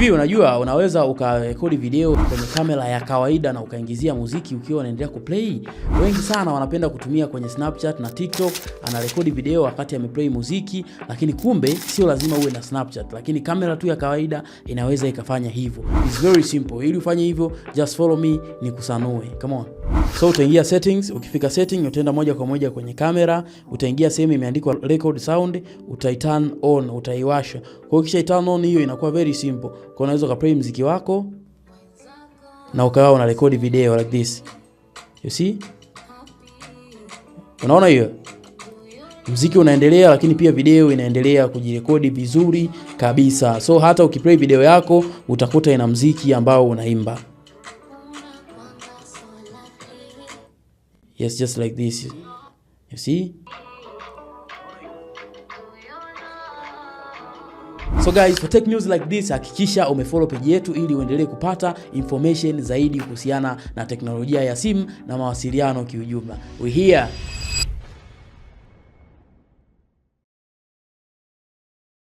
Hivi unajua unaweza ukarekodi video kwenye kamera ya kawaida na ukaingizia muziki ukiwa unaendelea kuplay. Wengi sana wanapenda kutumia kwenye Snapchat na TikTok, anarekodi video wakati ameplay muziki, lakini kumbe sio lazima uwe na Snapchat, lakini kamera tu ya kawaida inaweza ikafanya hivyo. It's very simple. Ili ufanye hivyo, just follow me kusanue. Come on. So utaingia settings, ukifika setting utaenda moja kwa moja kwenye kamera, utaingia sehemu imeandikwa record sound, utai turn on, utaiwasha. Kwa hiyo kisha turn on hiyo inakuwa very simple. Kwa hiyo unaweza ukaplay mziki wako na ukawa una record video like this. You see? Unaona hiyo? Mziki unaendelea lakini pia video inaendelea kujirekodi vizuri kabisa. So hata ukiplay video yako utakuta ina mziki ambao unaimba. yes just like this you see So guys, for tech news like this hakikisha umefollow page yetu ili uendelee kupata information zaidi kuhusiana na teknolojia ya simu na mawasiliano kiujumla. We here